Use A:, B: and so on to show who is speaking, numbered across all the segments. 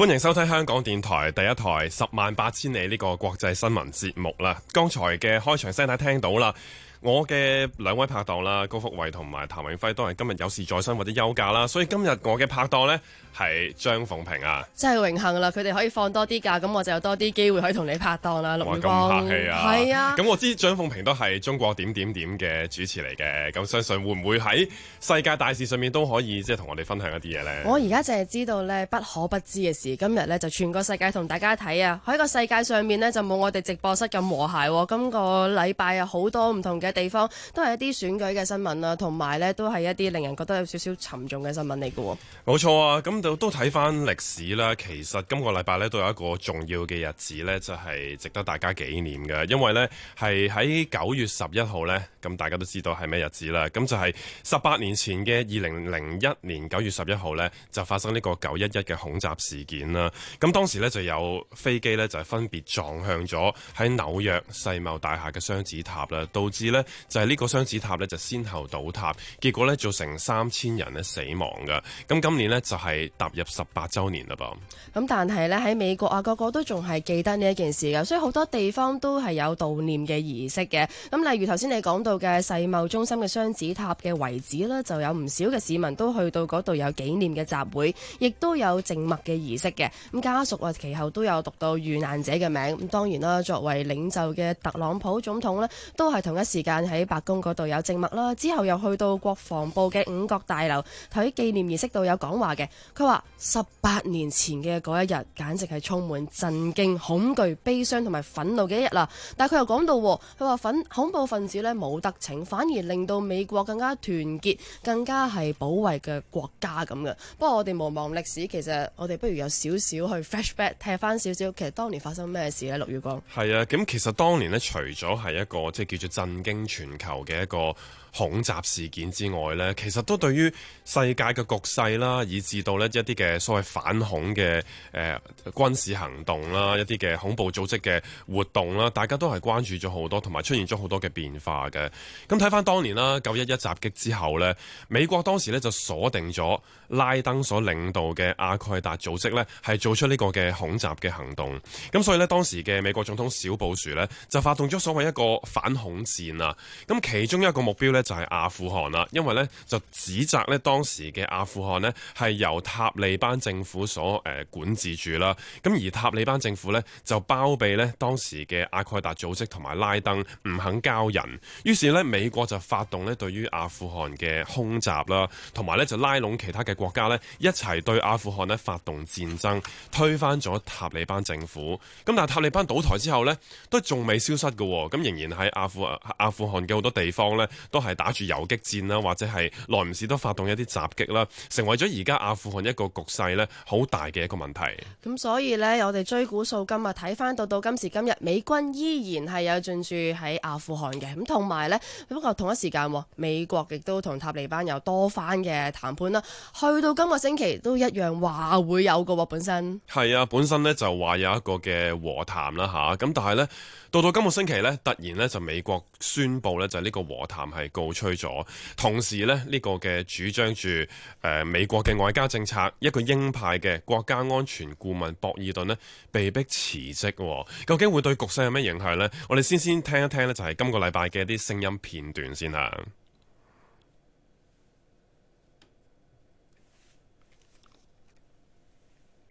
A: 歡迎收聽香港電台第一台《十萬八千里》呢個國際新聞節目啦！剛才嘅開場聲，大家聽到啦。我嘅兩位拍檔啦，高福慧同埋譚永輝都係今日有事在身或者休假啦，所以今日我嘅拍檔呢。係張鳳平啊！
B: 真係榮幸啦，佢哋可以放多啲假，咁我就有多啲機會可以同你拍檔啦，陸咁客氣啊！係啊，
A: 咁我知張鳳平都係中國點點點嘅主持嚟嘅，咁相信會唔會喺世界大事上面都可以即係同我哋分享一啲嘢呢？我
B: 而家淨係知道呢，不可不知嘅事，今日呢，就全個世界同大家睇啊！喺個世界上面呢，就冇我哋直播室咁和諧。今個禮拜啊，好多唔同嘅地方都係一啲選舉嘅新聞啊，同埋呢都係一啲令人覺得有少少沉重嘅新聞嚟嘅。
A: 冇錯啊！都睇翻歷史啦，其實今個禮拜咧都有一個重要嘅日子呢就係值得大家紀念嘅，因為呢係喺九月十一號呢，咁大家都知道係咩日子啦。咁就係十八年前嘅二零零一年九月十一號呢就發生呢個九一一嘅恐襲事件啦。咁當時呢就有飛機呢，就係分別撞向咗喺紐約世貿大廈嘅雙子塔啦，導致呢就係呢個雙子塔呢，就先後倒塌，結果呢造成三千人咧死亡嘅。咁今年呢就係。踏入十八周年嘞噃，
B: 咁、嗯、但係咧喺美國啊，個個都仲係記得呢一件事嘅，所以好多地方都係有悼念嘅儀式嘅。咁、嗯、例如頭先你講到嘅世貿中心嘅雙子塔嘅遺址咧，就有唔少嘅市民都去到嗰度有紀念嘅集會，亦都有靜默嘅儀式嘅。咁、嗯、家屬啊，其後都有讀到遇難者嘅名。咁、嗯、當然啦，作為領袖嘅特朗普總統咧，都係同一時間喺白宮嗰度有靜默啦。之後又去到國防部嘅五角大樓，睇紀念儀式度有講話嘅。佢話：十八年前嘅嗰一日，簡直係充滿震驚、恐懼、悲傷同埋憤怒嘅一日啦。但係佢又講到，佢話恐怖分子咧冇得逞，反而令到美國更加團結、更加係保衞嘅國家咁嘅。不過我哋無忘歷史，其實我哋不如有少少去 flashback 睇返少少，其實當年發生咩事呢？陸月光，
A: 係啊，咁其實當年呢，除咗係一個即係叫做震驚全球嘅一個。恐襲事件之外咧，其實都對於世界嘅局勢啦，以至到咧一啲嘅所謂反恐嘅誒、呃、軍事行動啦，一啲嘅恐怖組織嘅活動啦，大家都係關注咗好多，同埋出現咗好多嘅變化嘅。咁睇翻當年啦，九一一襲擊之後咧，美國當時咧就鎖定咗拉登所領導嘅阿蓋達組織咧，係做出呢個嘅恐襲嘅行動，咁、嗯、所以咧當時嘅美國總統小布殊咧，就發動咗所謂一個反恐戰啊。咁、嗯、其中一個目標咧，就係阿富汗啦，因為咧就指責咧當時嘅阿富汗咧係由塔利班政府所誒、呃、管治住啦，咁而塔利班政府咧就包庇咧當時嘅阿蓋達組織同埋拉登唔肯交人，於是咧美國就發動咧對於阿富汗嘅空襲啦，同埋咧就拉攏其他嘅國家咧一齊對阿富汗咧發動戰爭，推翻咗塔利班政府。咁但係塔利班倒台之後咧，都仲未消失嘅，咁仍然喺阿富阿富汗嘅好多地方咧都係。打住游擊戰啦，或者係耐唔時都發動一啲襲擊啦，成為咗而家阿富汗一個局勢呢好大嘅一個問題。
B: 咁所以呢，我哋追古數今日睇返到到今時今日，美軍依然係有進駐喺阿富汗嘅。咁同埋呢，不過同一時間，美國亦都同塔利班有多番嘅談判啦。去到今個星期都一樣話會有嘅喎，本身
A: 係啊，本身呢就話有一個嘅和談啦吓。咁、啊、但係呢，到到今個星期呢，突然呢，就美國宣布呢，就呢個和談係。暴吹咗，同時咧呢，這個嘅主張住誒美國嘅外交政策一個鷹派嘅國家安全顧問博爾頓咧被逼辭職，究竟會對局勢有咩影響呢？我哋先先聽一聽咧，就係今個禮拜嘅一啲聲音片段先啦。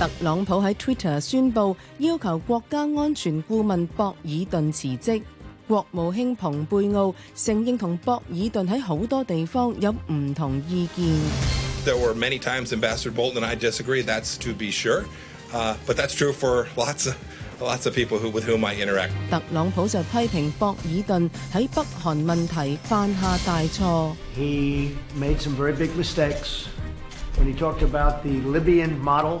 C: 特朗普喺 Twitter 宣布要求國家安全顧問博爾頓辭職，國務卿蓬佩奧承認同博爾頓喺好多地方有唔同意見。
A: There were many times Ambassador Bolton and I disagree. That's to be sure. Uh, but that's true for lots of, lots of people who with whom I interact.
C: 特朗普就批評博爾頓喺北韓問題犯下大錯。He made some very big mistakes when he talked about the Libyan model.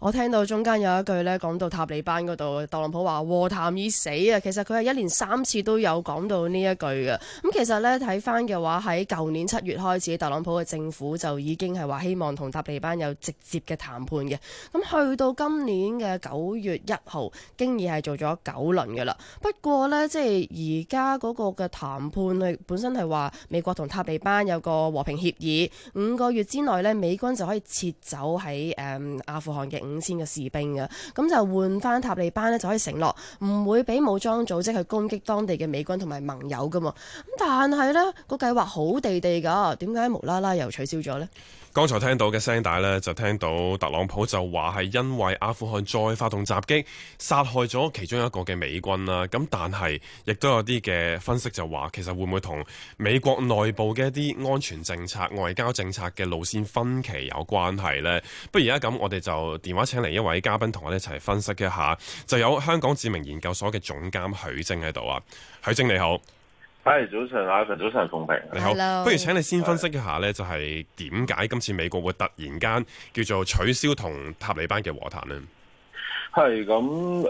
B: 我聽到中間有一句咧，講到塔利班嗰度，特朗普話和談已死啊！其實佢係一連三次都有講到呢一句嘅。咁其實咧睇翻嘅話，喺舊年七月開始，特朗普嘅政府就已經係話希望同塔利班有直接嘅談判嘅。咁去到今年嘅九月一號，經已係做咗九輪嘅啦。不過呢，即係而家嗰個嘅談判，本身係話美國同塔利班有個和平協議，五個月之內呢，美軍就可以撤走喺誒、嗯、阿富汗嘅。五千個士兵嘅，咁就換翻塔利班呢，就可以承諾唔會俾武裝組織去攻擊當地嘅美軍同埋盟友噶嘛，咁但係呢個計劃好地地噶，點解無啦啦又取消咗呢？
A: 剛才聽到嘅聲帶呢，就聽到特朗普就話係因為阿富汗再發動襲擊，殺害咗其中一個嘅美軍啦，啊。咁但係亦都有啲嘅分析就話，其實會唔會同美國內部嘅一啲安全政策、外交政策嘅路線分歧有關係呢？不如而家咁，我哋就電話請嚟一位嘉賓同我哋一齊分析一下。就有香港知名研究所嘅總監許晶喺度啊，許晶你好。係
D: 早晨，啊，晨，早晨，鳳平
A: 你好，Hello. 不如請你先分析一下咧，就係點解今次美國會突然間叫做取消同塔利班嘅和談呢？
D: 係咁誒，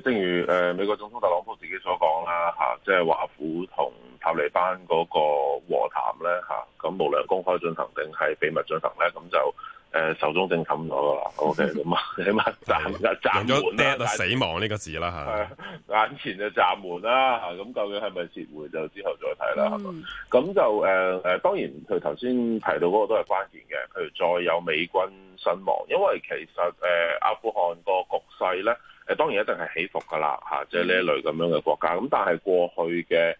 D: 正如誒、呃、美國總統特朗普自己所講啦，吓即係華府同塔利班嗰個和談咧，吓、啊、咁無論公開進行定係秘密進行咧，咁就。誒手、呃、中正冚咗啦，OK，咁起碼暫暫咗死亡呢個字啦嚇，嗯、眼前就暫緩啦，咁究竟係咪撤回就之後再睇啦，係嘛？咁就誒誒，當然佢頭先提到嗰個都係關鍵嘅，譬如再有美軍身亡，因為其實誒、呃、阿富汗個局勢咧，誒、呃、當然一定係起伏噶啦嚇，即係呢一類咁樣嘅國家，咁但係過去嘅。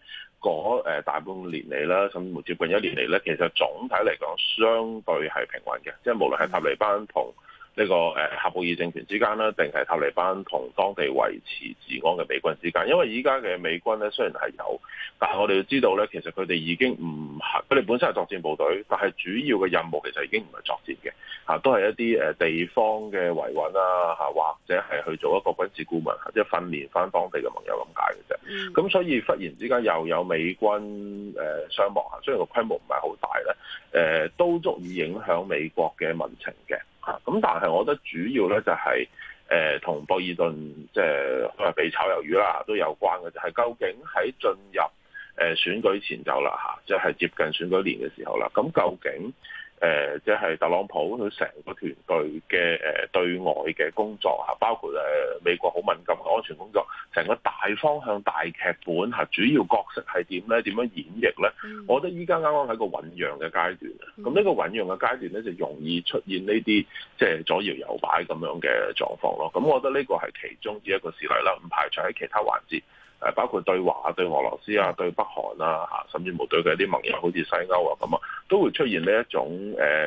D: 嗰大半年嚟啦，甚至接近一年嚟咧，其實總體嚟講，相對係平穩嘅，即係無論係塔利班同呢、這個誒喀布爾政權之間啦，定係塔利班同當地維持治安嘅美軍之間？因為依家嘅美軍咧，雖然係有，但係我哋要知道咧，其實佢哋已經唔佢哋本身係作戰部隊，但係主要嘅任務其實已經唔係作戰嘅嚇、啊，都係一啲誒、呃、地方嘅維穩啊，嚇，或者係去做一個軍事顧問、啊、即係訓練翻當地嘅盟友咁解嘅啫。咁、嗯、所以忽然之間又有美軍誒傷亡，雖然個規模唔係好大咧，誒、呃呃、都足以影響美國嘅民情嘅。咁但係，我覺得主要咧就係誒同博爾頓即係、就是、被炒魷魚啦，都有關嘅。就係、是、究竟喺進入誒、呃、選舉前就啦，嚇，即係接近選舉年嘅時候啦，咁究竟，誒，即係特朗普佢成個團隊嘅誒對外嘅工作啊，包括誒美國好敏感嘅安全工作，成個大方向、大劇本嚇，主要角色係點咧？點樣演繹咧？我覺得依家啱啱喺個醞釀嘅階段，咁呢個醞釀嘅階段咧，就容易出現呢啲即係左搖右擺咁樣嘅狀況咯。咁我覺得呢個係其中之一個事例啦，唔排除喺其他環節。誒，包括對華啊，對俄羅斯啊，對北韓啊，嚇甚至乎對佢啲盟友，好似西歐啊咁啊，都會出現呢一種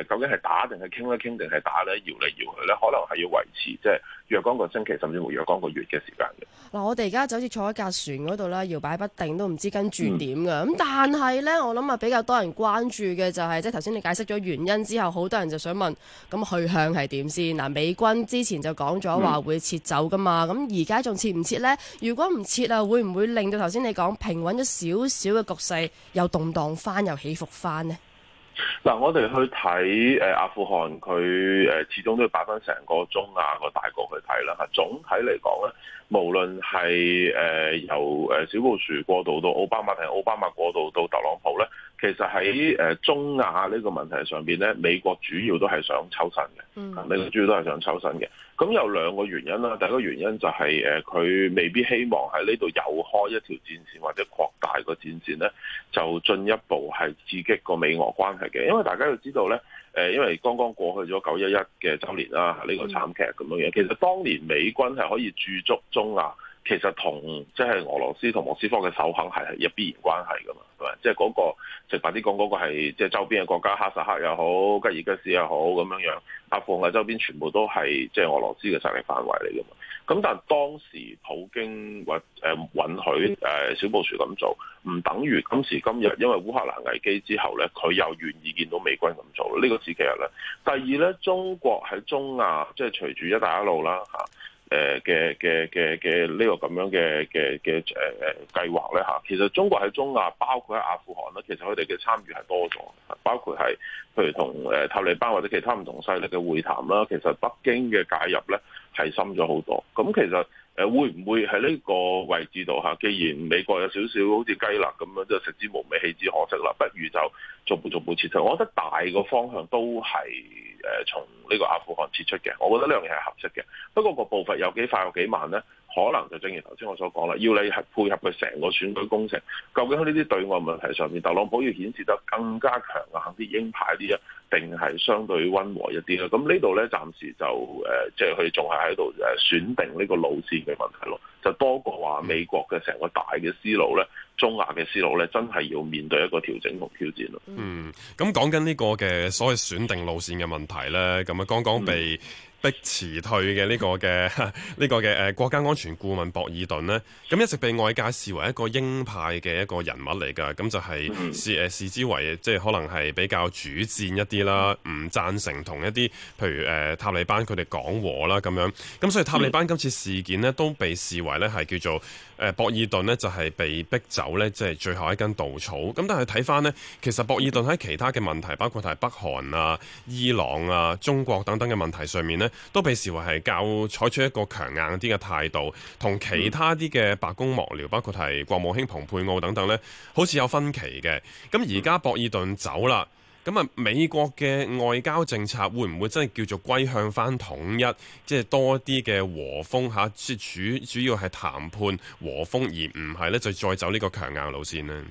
D: 誒，究竟係打定係傾一傾定係打咧？搖嚟搖去咧，可能係要維持，即係若干個星期，甚至乎若干個月嘅時間嘅。嗱、
B: 嗯嗯，我哋而家就好似坐喺架船嗰度咧，搖擺不定，都唔知跟住點㗎。咁但係咧，我諗啊比較多人關注嘅就係、是，即係頭先你解釋咗原因之後，好多人就想問，咁去向係點先？嗱，美軍之前就講咗話會撤走㗎嘛，咁而家仲撤唔撤咧？如果唔撤啊，會？會唔會令到頭先你講平穩咗少少嘅局勢，又動蕩翻，又起伏翻呢？
D: 嗱，我哋去睇誒、呃、阿富汗，佢誒、呃、始終都要擺翻成個中亞個大局去睇啦。吓，總體嚟講咧。無論係誒、呃、由誒小布什過渡到奧巴馬，定係奧巴馬過渡到特朗普咧，其實喺誒中亞呢個問題上邊咧，美國主要都係想抽身嘅。嗯、mm，hmm。美國主要都係想抽身嘅。咁有兩個原因啦，第一個原因就係誒佢未必希望喺呢度又開一條戰線，或者擴大個戰線咧，就進一步係刺激個美俄關係嘅。因為大家要知道咧。誒，因為剛剛過去咗九一一嘅週年啦，呢、這個慘劇咁樣，其實當年美軍係可以駐足中亞。其實同即係俄羅斯同莫斯科嘅首肯係係有必然關係噶嘛，係咪？即係嗰個，直白啲講，嗰個係即係周邊嘅國家，哈薩克又好，吉爾吉斯又好，咁樣樣阿富汗嘅周邊全部都係即係俄羅斯嘅勢力範圍嚟噶嘛。咁但當時普京或誒允許誒小布殊咁做，唔等於今時今日，因為烏克蘭危機之後咧，佢又願意見到美軍咁做、這個、其呢個事實咧。第二咧，中國喺中亞，即、就、係、是、隨住一帶一路啦嚇。誒嘅嘅嘅嘅呢個咁樣嘅嘅嘅誒誒計劃咧嚇，其實中國喺中亞，包括喺阿富汗咧，其實佢哋嘅參與係多咗，包括係譬如同誒塔利班或者其他唔同勢力嘅會談啦，其實北京嘅介入咧係深咗好多，咁其實。誒會唔會喺呢個位置度嚇？既然美國有少少好似雞肋咁樣，即係食之無味，棄之可惜啦，不如就逐步逐步撤出。我覺得大個方向都係誒從呢個阿富汗撤出嘅。我覺得呢樣嘢係合適嘅。不過個步伐有幾快有幾慢咧？可能就正如頭先我所講啦，要你係配合佢成個選舉工程，究竟喺呢啲對外問題上面，特朗普要顯示得更加強硬啲、鷹派啲啊，定係相對溫和一啲咧？咁呢度咧，暫時就誒，即係佢仲係喺度誒選定呢個路線嘅問題咯。就多過話美國嘅成個大嘅思路咧，中亞嘅思路咧，真係要面對一個調整同挑戰咯。嗯，
A: 咁講緊呢個嘅所謂選定路線嘅問題咧，咁啊剛剛被，嗯逼辭退嘅呢個嘅呢、呢個嘅誒、呃、國家安全顧問博爾頓咧，咁一直被外界視為一個鷹派嘅一個人物嚟噶，咁就係視誒、呃、視之為即係可能係比較主戰一啲啦，唔贊成同一啲譬如誒、呃、塔利班佢哋講和啦咁樣，咁所以塔利班今次事件咧都被視為咧係叫做誒、呃、博爾頓咧就係、是、被逼走咧，即係最後一根稻草。咁但係睇翻咧，其實博爾頓喺其他嘅問題，包括係北韓啊、伊朗啊、中國、啊、中國等等嘅問題上面咧。都被視為係較採取一個強硬啲嘅態度，同其他啲嘅白宮幕僚，包括係國務卿蓬佩奧等等呢，好似有分歧嘅。咁而家博爾頓走啦，咁啊美國嘅外交政策會唔會真係叫做歸向翻統一，即係多啲嘅和風嚇，即主主要係談判和風，而唔係呢就再走呢個強硬路線呢？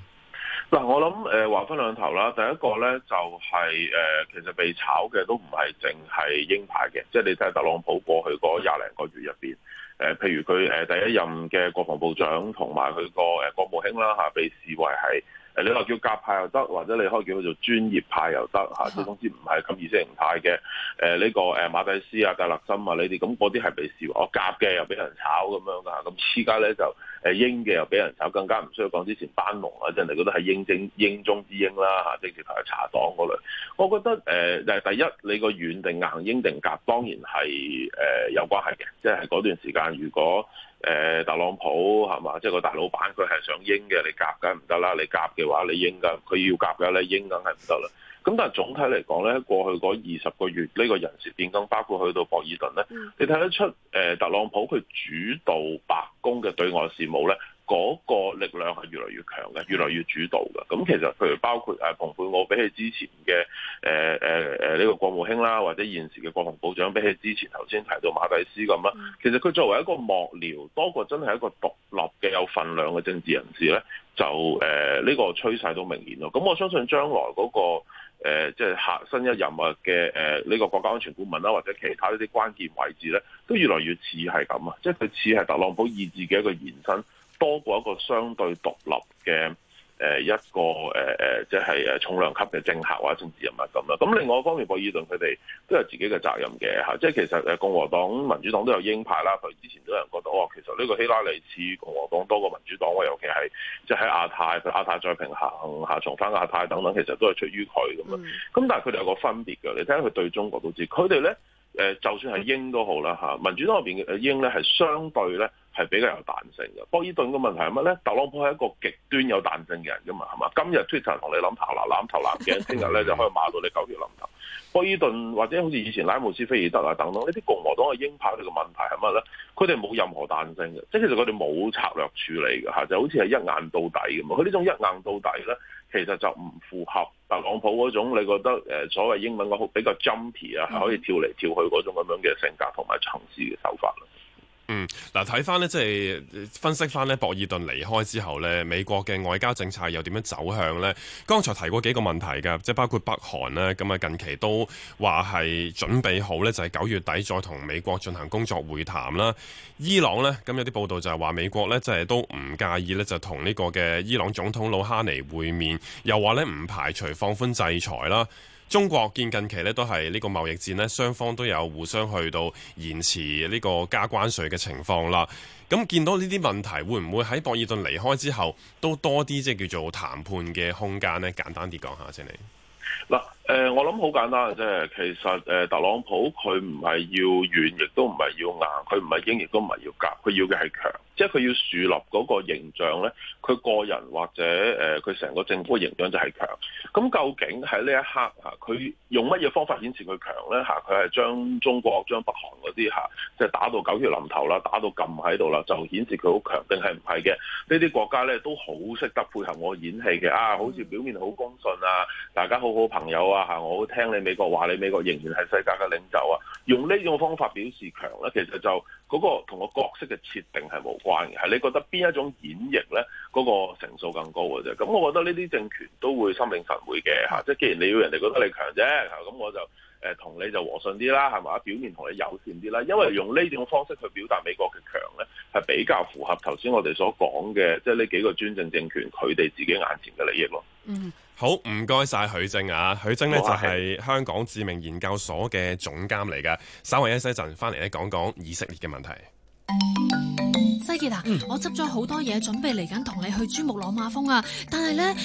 D: 嗱，我諗誒、呃，話翻兩頭啦。第一個咧就係、是、誒、呃，其實被炒嘅都唔係淨係鷹派嘅，即係你睇下特朗普過去嗰廿零個月入邊，誒、呃，譬如佢誒第一任嘅國防部長同埋佢個誒國務卿啦吓、啊，被視為係。誒你話叫夾派又得，或者你可以叫佢做專業派又得嚇，都總之唔係咁意識形態嘅。誒、啊、呢、這個誒馬蒂斯啊、格勒森啊，你哋咁嗰啲係被笑，我夾嘅又俾人炒咁樣噶。咁而家咧就誒英嘅又俾人炒，更加唔需要講之前班農啊，人哋覺得係英精英中之英啦嚇，政治台查黨嗰類。我覺得誒誒、啊就是、第一，你個軟定硬、英定夾，當然係誒、啊、有關係嘅，即係嗰段時間如果。誒、呃、特朗普係嘛，即係個大老闆，佢係想應嘅，你夾梗係唔得啦，你夾嘅話你應嘅，佢要夾嘅咧應，梗係唔得啦。咁但係總體嚟講咧，過去嗰二十個月呢、呢個人事變更，包括去到博爾頓咧，嗯、你睇得出誒、呃、特朗普佢主導白宮嘅對外事務咧。嗰個力量係越嚟越強嘅，越嚟越主導嘅。咁其實，譬如包括誒蓬佩奧，比起之前嘅誒誒誒呢個國務卿啦，或者現時嘅國防部長，比起之前頭先提到馬蒂斯咁啦，其實佢作為一個幕僚，多過真係一個獨立嘅有份量嘅政治人士咧，就誒呢個趨勢都明顯咯。咁我相信將來嗰個誒即係下新一任啊嘅誒呢個國家安全顧問啦，或者其他一啲關鍵位置咧，都越嚟越似係咁啊！即係佢似係特朗普意志嘅一個延伸。多過一個相對獨立嘅誒一個誒誒、呃呃，即係誒重量級嘅政客啊，或者政治人物咁啊。咁另外一方面，博爾頓佢哋都有自己嘅責任嘅嚇、啊。即係其實誒共和黨、民主黨都有鷹派啦。譬如之前都有人覺得哦、啊，其實呢個希拉里似共和黨多過民主黨喎。尤其係即係亞太，佢亞太再平衡下、啊，重返亞太等等，其實都係出於佢咁啊。咁但係佢哋有個分別嘅，你睇下佢對中國都知，佢哋咧誒，就算係鷹都好啦嚇、啊，民主黨入邊嘅鷹咧係相對咧。係比較有彈性嘅。博爾頓嘅問題係乜咧？特朗普係一個極端有彈性嘅人噶嘛，係嘛？今日 Twitter 同你諗爬樓攬頭攬頸，聽日咧就可以罵到你狗血淋頭。博爾 頓或者好似以前拉姆斯、菲爾德啊等等呢啲共和黨嘅鷹派嘅問題係乜咧？佢哋冇任何彈性嘅，即係其實佢哋冇策略處理嘅嚇，就好似係一硬到底咁啊！佢呢種一硬到底咧，其實就唔符合特朗普嗰種你覺得誒所謂英文嗰個比較 jumpy 啊，可以跳嚟跳去嗰種咁樣嘅性格同埋行事嘅手法啦。
A: 嗯，嗱，睇翻呢，即係分析翻呢博爾頓離開之後呢，美國嘅外交政策又點樣走向呢？剛才提過幾個問題㗎，即係包括北韓呢。咁啊近期都話係準備好呢，就係九月底再同美國進行工作會談啦。伊朗呢，咁有啲報道就係話美國呢，即係都唔介意呢，就同呢個嘅伊朗總統魯哈尼會面，又話呢唔排除放寬制裁啦。中國見近期咧都係呢個貿易戰呢，雙方都有互相去到延遲呢個加關稅嘅情況啦。咁、嗯、見到呢啲問題，會唔會喺博爾頓離開之後都多啲即係叫做談判嘅空間呢？簡單啲講下先，請
D: 你誒，我諗好簡單嘅啫。其實誒，特朗普佢唔係要軟，亦都唔係要硬，佢唔係鷹，亦都唔係要夾。佢要嘅係強，即係佢要樹立嗰個形象咧。佢個人或者誒，佢成個政府嘅形象就係強。咁究竟喺呢一刻嚇，佢用乜嘢方法顯示佢強咧嚇？佢係將中國、將北韓嗰啲嚇，即係打到狗血淋頭啦，打到撳喺度啦，就顯示佢好強，定係唔係嘅？呢啲國家咧都好識得配合我演戲嘅。啊，好似表面好公信啊，大家好好朋友啊。啊！我好聽你美國話，你美國仍然係世界嘅領袖啊！用呢種方法表示強咧，其實就嗰個同個角色嘅設定係無關嘅，係你覺得邊一種演繹咧，嗰個成數更高嘅啫。咁我覺得呢啲政權都會心領神會嘅嚇，即係既然你要人哋覺得你強啫，咁我就，同你就和順啲啦，係咪？表面同你友善啲啦，因為用呢種方式去表達美國嘅強呢，係比較符合頭先我哋所講嘅，即係呢幾個專政政權佢哋自己眼前嘅利益咯。嗯、
A: 好，唔該晒許正啊，許正呢就係、是、香港智明研究所嘅總監嚟噶，稍為休息一陣翻嚟咧講講以色列嘅問題。嗯
E: 嗯，我執咗好多嘢準備嚟緊同你去珠穆朗瑪峰啊！但係呢，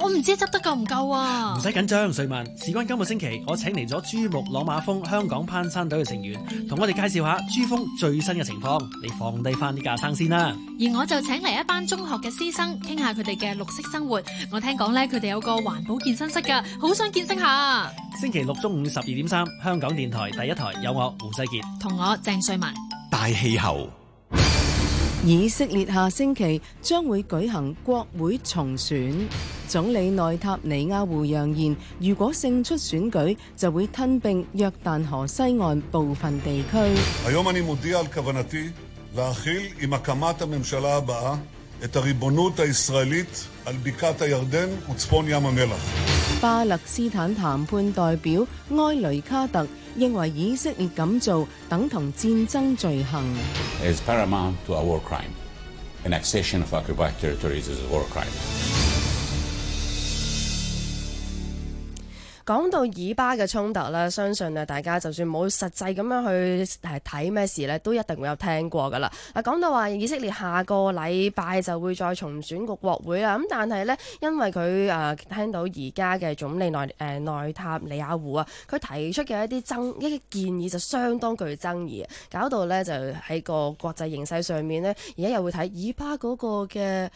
E: 我唔知執得夠唔夠啊！
A: 唔
F: 使緊張，瑞文，事關今個星期，我請嚟咗珠穆朗瑪峰香港攀山隊嘅成員，同我哋介紹下珠峰最新嘅情況。你放低翻啲架生先啦。
G: 而我就請嚟一班中學嘅師生，傾下佢哋嘅綠色生活。
E: 我聽講呢，佢哋有個環保健身室噶，好想見識下。
F: 星期六中午十二點三，香港電台第一台有我胡世傑同我鄭瑞文大氣候。
C: 以色列下星期將會舉行國會重選，總理內塔尼亞胡揚言，如果勝出選舉，就會吞並約旦河西岸部分地區。巴勒斯坦談判代表埃雷卡特認為，以色列咁做等同戰爭罪
D: 行。
B: 講到以巴嘅衝突咧，相信啊大家就算冇實際咁樣去係睇咩事咧，都一定會有聽過㗎喇。啊，講到話以色列下個禮拜就會再重選局國會啦，咁但係呢，因為佢誒、呃、聽到而家嘅總理內誒、呃、內塔尼亞胡啊，佢提出嘅一啲爭一啲建議就相當具爭議，搞到呢就喺個國際形勢上面呢，而家又會睇以巴嗰個嘅。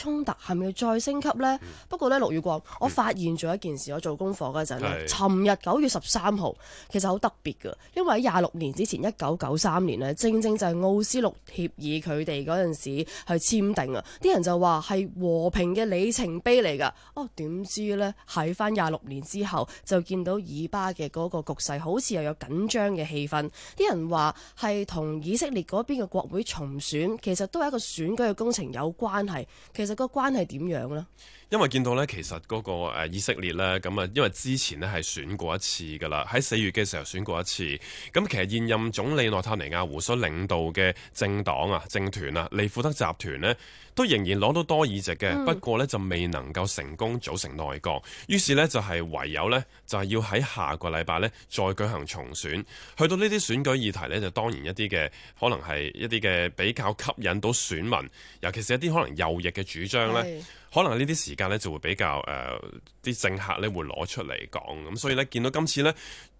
B: 衝突係咪要再升級呢？嗯、不過呢，陸雨光，嗯、我發現咗一件事，我做功課嗰陣尋日九月十三號其實好特別嘅，因為喺廿六年之前一九九三年呢，正正就係《奧斯陸協議》佢哋嗰陣時去簽訂啊，啲人就話係和平嘅里程碑嚟㗎。哦，點知呢？喺翻廿六年之後就見到以巴嘅嗰個局勢好似又有緊張嘅氣氛，啲人話係同以色列嗰邊嘅國會重選，其實都係一個選舉嘅工程有關係，其實。個關係點樣咧？
A: 因為見到呢，其實嗰個以色列呢，咁啊，因為之前呢係選過一次噶啦，喺四月嘅時候選過一次。咁其實現任總理內塔尼亞胡所領導嘅政黨啊、政團啊利庫德集團呢，都仍然攞到多議席嘅，嗯、不過呢，就未能夠成功組成內閣，於是呢，就係唯有呢，就係要喺下個禮拜呢，再舉行重選。去到呢啲選舉議題呢，就當然一啲嘅可能係一啲嘅比較吸引到選民，尤其是一啲可能右翼嘅主張呢。可能呢啲時間呢就會比較誒啲、呃、政客呢會攞出嚟講，咁所以呢，見到今次呢。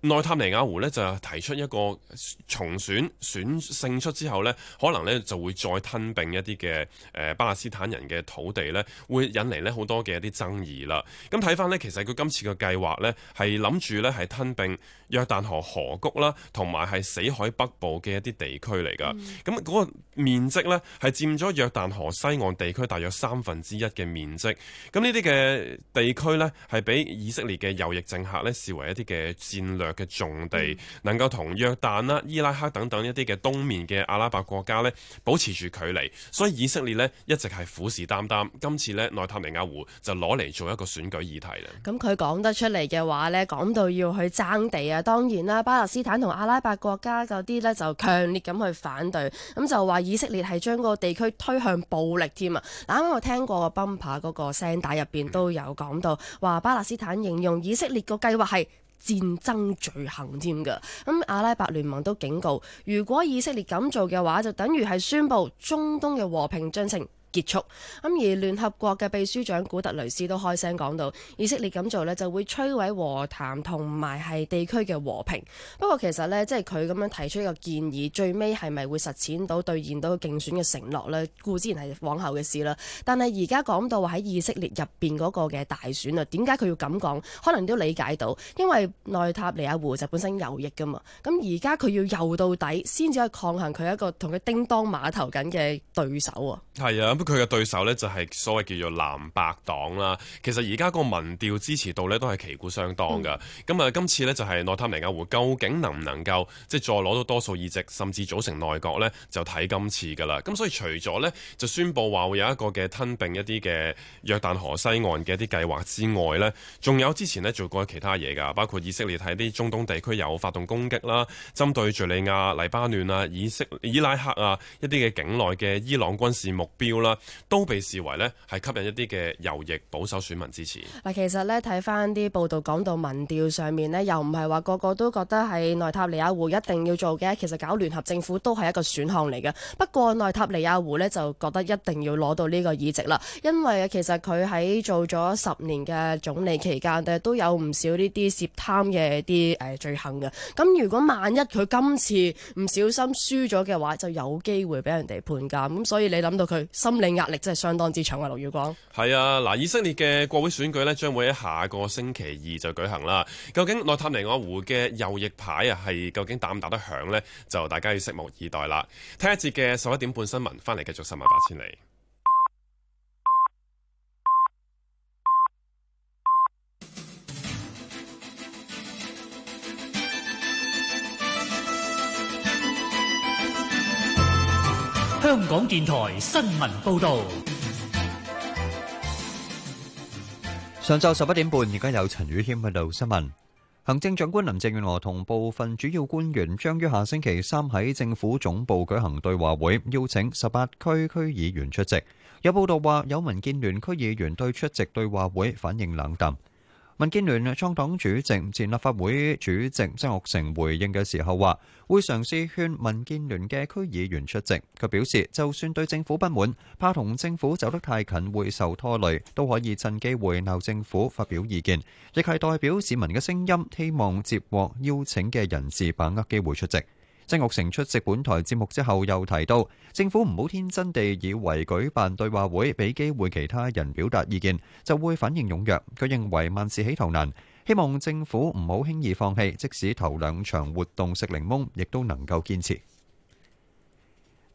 A: 內塔尼亞胡咧就提出一個重選，選勝出之後咧，可能咧就會再吞併一啲嘅誒巴勒斯坦人嘅土地咧，會引嚟咧好多嘅一啲爭議啦。咁睇翻咧，其實佢今次嘅計劃咧係諗住咧係吞併約旦河河谷啦，同埋係死海北部嘅一啲地區嚟噶。咁嗰個、嗯、面積咧係佔咗約旦河西岸地區大約三分之一嘅面積，咁呢啲嘅地區咧係俾以色列嘅右翼政客咧視為一啲嘅戰略嘅重地能夠同約旦啦、伊拉克等等一啲嘅東面嘅阿拉伯國家咧保持住距離，所以以色列咧一直係虎視眈眈。今次咧內塔尼亞胡就攞嚟做一個選舉議題啦。
B: 咁佢講得出嚟嘅話咧，講到要去爭地啊，當然啦，巴勒斯坦同阿拉伯國家嗰啲咧就強烈咁去反對，咁就話以色列係將個地區推向暴力添啊！嗱，啱啱我聽過個 bumper 嗰個聲帶入邊都有講到，話巴勒斯坦形容以色列個計劃係戰爭罪行添㗎，咁阿拉伯聯盟都警告，如果以色列咁做嘅話，就等於係宣佈中東嘅和平進程結束。咁而聯合國嘅秘書長古特雷斯都開聲講到，以色列咁做呢，就會摧毀和談同埋係地區嘅和平。不過其實呢，即係佢咁樣提出一個建議，最尾係咪會實踐到兌現到競選嘅承諾呢？固之然係往後嘅事啦。但係而家講到喺以色列入邊嗰個嘅大選啊，點解佢要咁講？可能你都理解到，因為內塔尼亞胡就本身右翼噶嘛。咁而家佢要右到底，先至可以抗衡佢一個同佢叮噹馬頭緊嘅對手啊。
A: 係啊。咁，佢嘅對手咧就係所謂叫做藍白黨啦，其實而家個民調支持度咧都係旗鼓相當噶。咁啊、嗯，今次咧就係內塔尼亞胡，究竟能唔能夠即係再攞到多數議席，甚至組成內閣咧，就睇今次噶啦。咁所以除咗咧就宣布話會有一個嘅吞併一啲嘅約旦河西岸嘅一啲計劃之外咧，仲有之前咧做過其他嘢噶，包括以色列喺啲中東地區有發動攻擊啦，針對敘利亞黎巴嫩啊、以色伊拉克啊一啲嘅境內嘅伊朗軍事目標啦。都被視為咧係吸引一啲嘅右翼保守選民支持。
B: 嗱，其實呢，睇翻啲報道講到民調上面呢，又唔係話個個都覺得係內塔尼亞胡一定要做嘅。其實搞聯合政府都係一個選項嚟嘅。不過內塔尼亞胡呢，就覺得一定要攞到呢個議席啦，因為其實佢喺做咗十年嘅總理期間咧都有唔少呢啲涉貪嘅啲誒罪行嘅。咁如果萬一佢今次唔小心輸咗嘅話，就有機會俾人哋判監。咁所以你諗到佢心令壓力真係相當之重，盧啊！盧宇光，
A: 係啊，嗱，以色列嘅國會選舉咧，將會喺下個星期二就舉行啦。究竟內塔尼亞胡嘅右翼牌啊，係究竟打唔打得響呢？就大家要拭目以待啦。聽一節嘅十一點半新聞，翻嚟繼續十萬八千里。
F: 香港電台新聞報道：上晝十一點半，而家有陳宇謙報道新聞。行政長官林鄭月娥同部分主要官員將於下星期三喺政府總部舉行對話會，邀請十八區區議員出席。有報道話，有民建聯區議員對出席對話會反應冷淡。民建聯創黨主席、前立法會主席曾鈺成回應嘅時候話，會嘗試勸民建聯嘅區議員出席。佢表示，就算對政府不滿，怕同政府走得太近會受拖累，都可以趁機會鬧政府發表意見，亦係代表市民嘅聲音。希望接獲邀請嘅人士把握機會出席。曾鈺成出席本台節目之後，又提到政府唔好天真地以為舉辦對話會俾機會其他人表達意見就會反應踴躍。佢認為萬事起頭難，希望政府唔好輕易放棄，即使頭兩場活動食檸檬，亦都能夠堅持。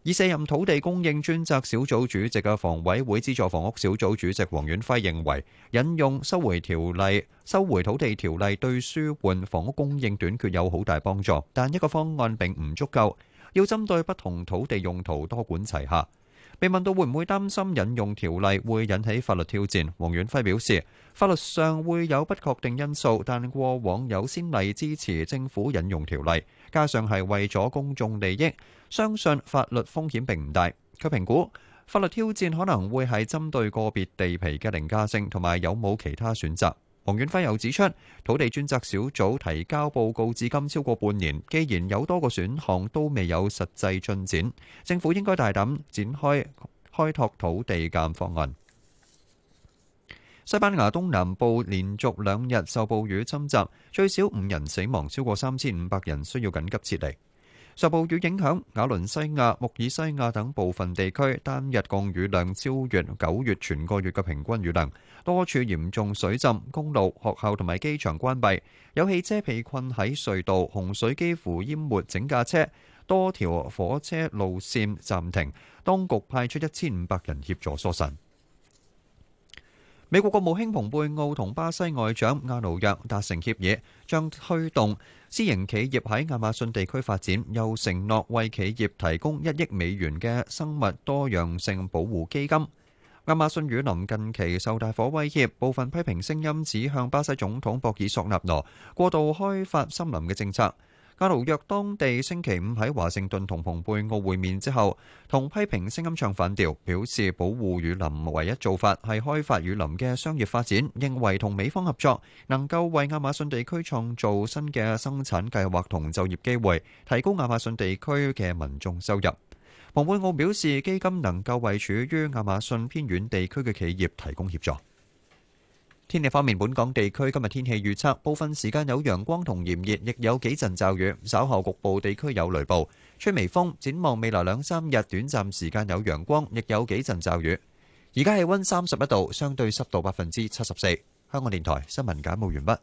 F: 已卸任土地供應專責小組主席嘅房委會資助房屋小組主席黃遠輝認為，引用收回條例、收回土地條例對舒緩房屋供應短缺有好大幫助，但一個方案並唔足夠，要針對不同土地用途多管齊下。被問到會唔會擔心引用條例會引起法律挑戰，黃遠輝表示，法律上會有不確定因素，但過往有先例支持政府引用條例。加上係為咗公眾利益，相信法律風險並唔大。佢評估法律挑戰可能會係針對個別地皮嘅凌駕性，同埋有冇其他選擇。黃遠輝又指出，土地專責小組提交報告至今超過半年，既然有多個選項都未有實際進展，政府應該大膽展開開拓土地嘅方案。西班牙東南部連續兩日受暴雨侵襲，最少五人死亡，超過三千五百人需要緊急撤離。受暴雨影響，瓦倫西亞、穆爾西亞等部分地區單日降雨量超越九月全個月嘅平均雨量，多處嚴重水浸，公路、學校同埋機場關閉，有汽車被困喺隧道，洪水幾乎淹沒整架車，多條火車路線暫停，當局派出一千五百人協助疏散。美國國務卿蓬佩奧同巴西外長阿努約達成協議，將推動私營企業喺亞馬遜地區發展，又承諾為企業提供一億美元嘅生物多樣性保護基金。亞馬遜雨林近期受大火威脅，部分批評聲音指向巴西總統博爾索納羅過度開發森林嘅政策。加勞約當地星期五喺華盛頓同蓬佩奧會面之後，同批評聲音唱反調，表示保護雨林唯一做法係開發雨林嘅商業發展，認為同美方合作能夠為亞馬遜地區創造新嘅生產計劃同就業機會，提高亞馬遜地區嘅民眾收入。蓬佩奧表示，基金能夠為處於亞馬遜偏遠地區嘅企業提供協助。天氣方面，本港地區今日天氣預測，部分時間有陽光同炎熱，亦有幾陣驟雨，稍後局部地區有雷暴，吹微風。展望未來兩三日，短暫時間有陽光，亦有幾陣驟雨。而家氣溫三十一度，相對濕度百分之七十四。香港電台新聞簡報完畢。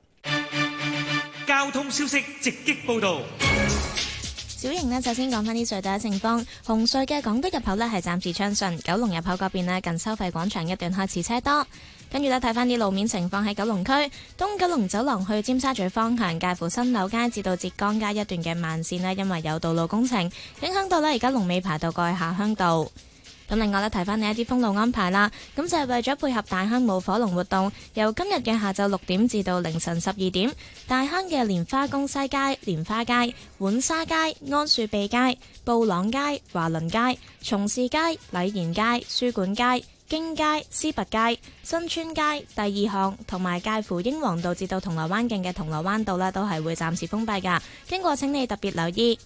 F: 交通消息直擊報道。
G: 小型呢，首先講翻啲隧道嘅情況。紅隧嘅港島入口呢，係暫時暢順，九龍入口嗰邊呢，近收費廣場一段開始車多。跟住呢，睇翻啲路面情況喺九龍區，東九龍走廊去尖沙咀方向，介乎新柳街至到浙江街一段嘅慢線呢，因為有道路工程，影響到呢，而家龍尾排到過去下鄉道。咁另外咧提翻你一啲封路安排啦，咁就係為咗配合大坑舞火龍活動，由今日嘅下晝六點至到凌晨十二點，大坑嘅蓮花宮西街、蓮花街、浣沙街、安樹庇街、布朗街、華倫街、松樹街、禮賢街、書館街、京街、思拔街、新村街第二巷同埋介乎英皇道至到銅鑼灣徑嘅銅鑼灣道呢，都係會暫時封閉噶，經過請你特別留意。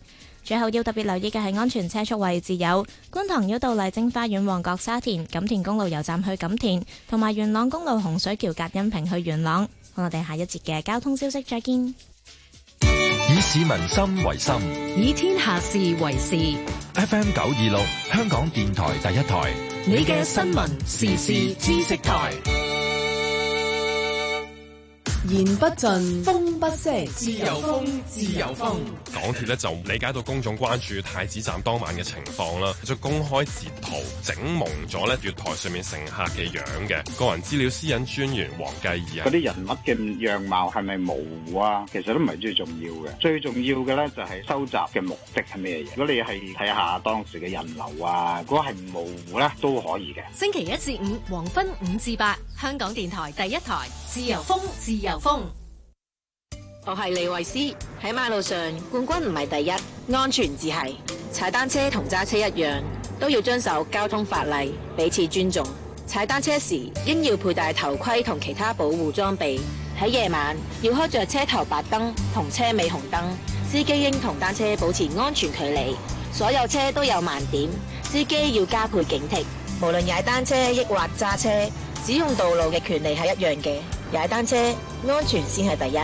G: 最後要特別留意嘅係安全車速位置有觀塘繞道麗晶花園旺角沙田錦田公路油站去錦田，同埋元朗公路洪水橋隔音屏去元朗。好，我哋下一節嘅交通消息再見。
E: 以市
A: 民心為心，
G: 以天下事為事。
A: FM 九二六，香港電台第一台，
G: 你嘅新聞時事知識台。
C: 言不盡，風不息，自由
A: 風，自由風。港鐵咧就理解到公眾關注太子站當晚嘅情況啦，就公開截圖整矇咗咧月台上面乘客嘅樣嘅個人資料。私隱專員黃繼兒啊，嗰啲
F: 人物嘅樣貌係咪模糊啊？其實都唔係最重要嘅，最重要嘅咧就係收集嘅目的係咩嘢？如果你係睇下當時嘅人流啊，如果係模糊咧都可以嘅。
G: 星期一至五黃昏五至八，香港電台第一台，自由風，自由。風，我係李維斯。喺馬路上，冠軍唔係第一，安全至係。踩單車同揸車一樣，都要遵守交通法例，彼此尊重。踩單車時，應要佩戴頭盔同其他保護裝備。喺夜晚，要開着車頭白燈同車尾紅燈。司機應同單車保持安全距離。所有車都有盲點，司機要加倍警惕。無論踩單車抑或揸車。使用道路嘅權利係一樣嘅，踩單車安全先係第一。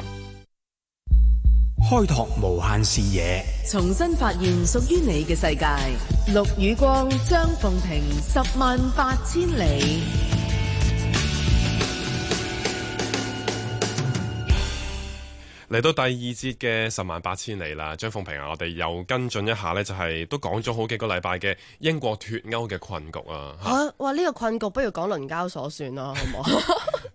F: 開拓無限視野，
C: 重新發現屬於你嘅世界。陸雨光、張鳳平，十萬八千里。
A: 嚟到第二節嘅十萬八千里啦，張鳳平啊，我哋又跟進一下呢就係、是、都講咗好幾個禮拜嘅英國脫歐嘅困局啊！啊，
B: 哇！呢、這個困局不如講倫交所算咯，好唔
A: 好？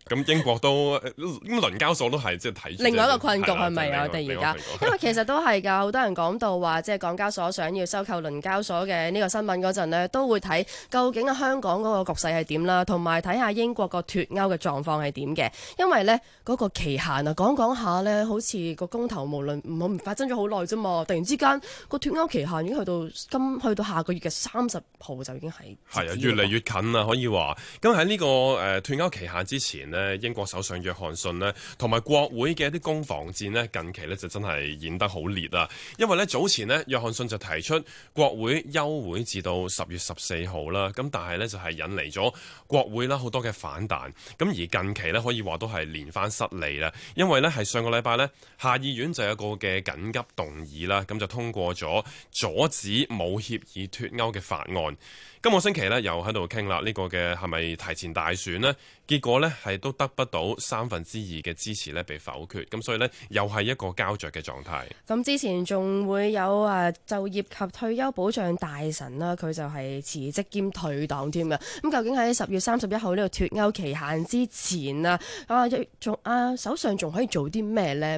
A: 咁 英國都倫交所都係即係睇。就是、另外一個困局係咪啊？我哋而家，因
B: 為其實都係㗎，好多人講到話即係港交所想要收購倫交所嘅呢個新聞嗰陣咧，都會睇究竟香港嗰個局勢係點啦，同埋睇下英國個脫歐嘅狀況係點嘅，因為呢嗰、那個期限啊，講一講下呢。好。次個公投無論唔好唔發生咗好耐啫嘛，突然之間個脫歐期限已經去到今去到下個月嘅三十號就已經係
F: 係啊，
A: 越嚟越近啦，可以話。咁喺呢個誒脫歐期限之前呢，英國首相約翰遜呢，同埋國會嘅一啲攻防戰呢，近期呢就真係演得好烈啊！因為呢，早前呢，約翰遜就提出國會休會至到十月十四號啦，咁但係呢，就係、是、引嚟咗國會啦好多嘅反彈。咁而近期呢，可以話都係連番失利啦，因為呢係上個禮拜呢。下議院就有一個嘅緊急動議啦，咁就通過咗阻止冇協議脫歐嘅法案。今個星期呢，又喺度傾啦，呢、呢個嘅係咪提前大選呢？結果呢，係都得不到三分之二嘅支持呢，被否決。咁所以呢，又係一個膠着嘅狀態。
B: 咁之前仲會有啊就業及退休保障大臣啦，佢就係辭職兼退黨添㗎。咁究竟喺十月三十一號呢個脫歐期限之前啊啊仲啊首相仲可以做啲咩呢？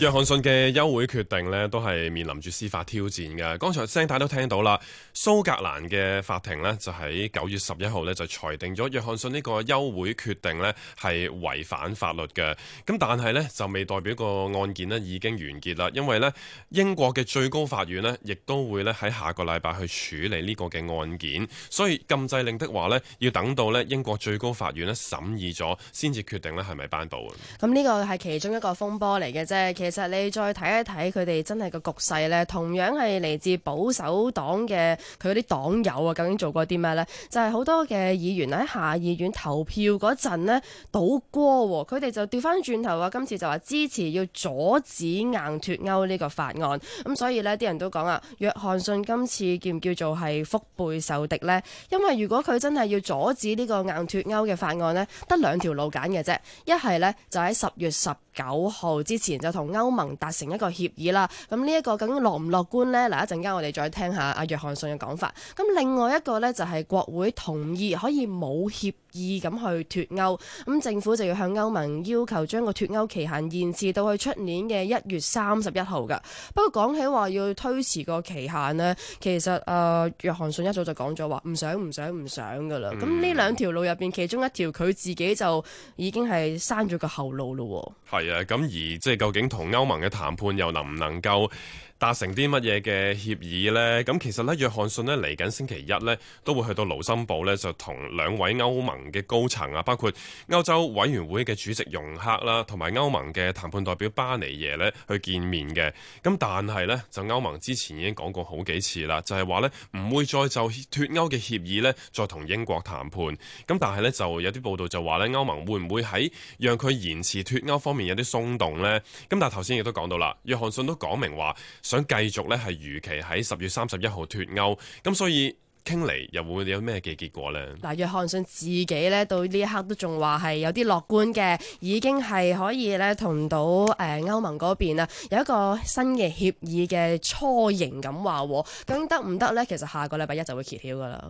A: 約翰遜嘅休會決定咧，都係面臨住司法挑戰嘅。剛才聲帶都聽到啦，蘇格蘭嘅法庭呢就喺九月十一號咧就裁定咗約翰遜呢個休會決定咧係違反法律嘅。咁但係呢，就未代表個案件咧已經完結啦，因為呢英國嘅最高法院呢亦都會咧喺下個禮拜去處理呢個嘅案件，所以禁制令的話呢，要等到呢英國最高法院咧審議咗先至決定咧係咪頒布
B: 嘅。咁呢個係其中一個風波嚟嘅啫。其實你再睇一睇佢哋真係個局勢咧，同樣係嚟自保守黨嘅佢嗰啲黨友啊，究竟做過啲咩呢？就係、是、好多嘅議員喺下議院投票嗰陣咧，倒戈喎，佢哋就調翻轉頭話，今次就話支持要阻止硬脱歐呢個法案。咁、嗯、所以呢，啲人都講啊，約翰遜今次叫唔叫做係腹背受敵呢？因為如果佢真係要阻止呢個硬脱歐嘅法案呢，得兩條路揀嘅啫，一係呢，就喺十月十九號之前就同歐盟達成一個協議啦，咁呢一個究竟樂唔樂觀呢？嗱，一陣間我哋再聽下阿約翰遜嘅講法。咁另外一個呢，就係國會同意可以冇協意咁去脫歐，咁政府就要向歐盟要求將個脫歐期限延遲到去出年嘅一月三十一號噶。不過講起話要推遲個期限呢，其實阿、呃、約翰遜一早就講咗話唔想唔想唔想噶啦。咁呢兩條路入邊，其中一條佢自己就已經係刪咗個後路咯。
A: 係啊，咁而即係究竟同歐盟嘅談判又能唔能夠達成啲乜嘢嘅協議呢？咁其實呢，約翰遜呢嚟緊星期一呢，都會去到盧森堡呢，就同兩位歐盟。嘅高層啊，包括歐洲委員會嘅主席容克啦，同埋歐盟嘅談判代表巴尼耶咧，去見面嘅。咁但係咧，就歐盟之前已經講過好幾次啦，就係話咧，唔會再就脫歐嘅協議咧，再同英國談判。咁但係咧，就有啲報道就話咧，歐盟會唔會喺讓佢延遲脫歐方面有啲鬆動咧？咁但係頭先亦都講到啦，約翰遜都講明話想繼續咧，係如期喺十月三十一號脫歐。咁所以。傾嚟又會有咩嘅結果呢？
B: 嗱，約翰遜自己呢，到呢一刻都仲話係有啲樂觀嘅，已經係可以呢。同到誒、呃、歐盟嗰邊啊有一個新嘅協議嘅初型咁話，究竟得唔得呢？其實下個禮拜一就會揭曉噶啦。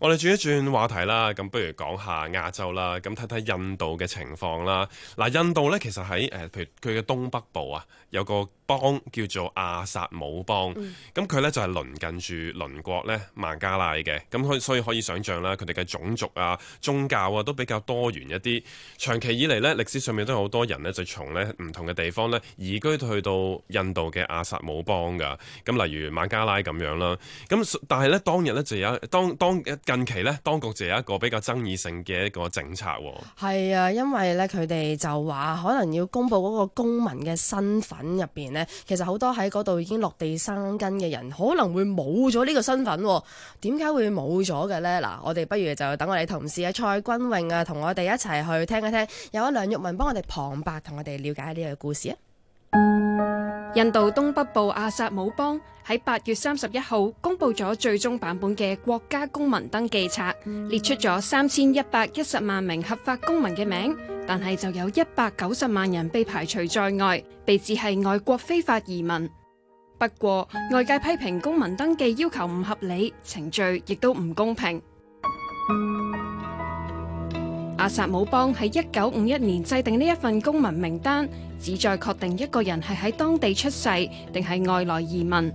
A: 我哋轉一轉話題啦，咁不如講下亞洲啦，咁睇睇印度嘅情況啦。嗱，印度呢，其實喺誒，譬如佢嘅東北部啊，有個邦叫做阿薩姆邦，咁佢、嗯、呢就係、是、鄰近住鄰國呢，孟加拉。嘅，咁佢所以可以想象啦，佢哋嘅種族啊、宗教啊都比較多元一啲。長期以嚟咧，歷史上面都有好多人咧，就從咧唔同嘅地方咧移居去到印度嘅阿薩姆邦噶。咁例如孟加拉咁樣啦。咁但係咧當日咧就有當，當近期咧當局就有一個比較爭議性嘅一個政策。
B: 係啊，因為咧佢哋就話可能要公布嗰個公民嘅身份入邊咧，其實好多喺嗰度已經落地生根嘅人可能會冇咗呢個身份。點點解會冇咗嘅呢？嗱，我哋不如就等我哋同事啊，蔡君榮啊，同我哋一齊去聽一聽，由阿梁玉文幫我哋旁白，同我哋了解呢個故事啊！
H: 印度東北部阿薩姆邦喺八月三十一號公布咗最終版本嘅國家公民登記冊，列出咗三千一百一十萬名合法公民嘅名，但係就有一百九十萬人被排除在外，被指係外國非法移民。不過外界批評公民登記要求唔合理，程序亦都唔公平。阿薩姆邦喺一九五一年制定呢一份公民名單，旨在確定一個人係喺當地出世定係外來移民。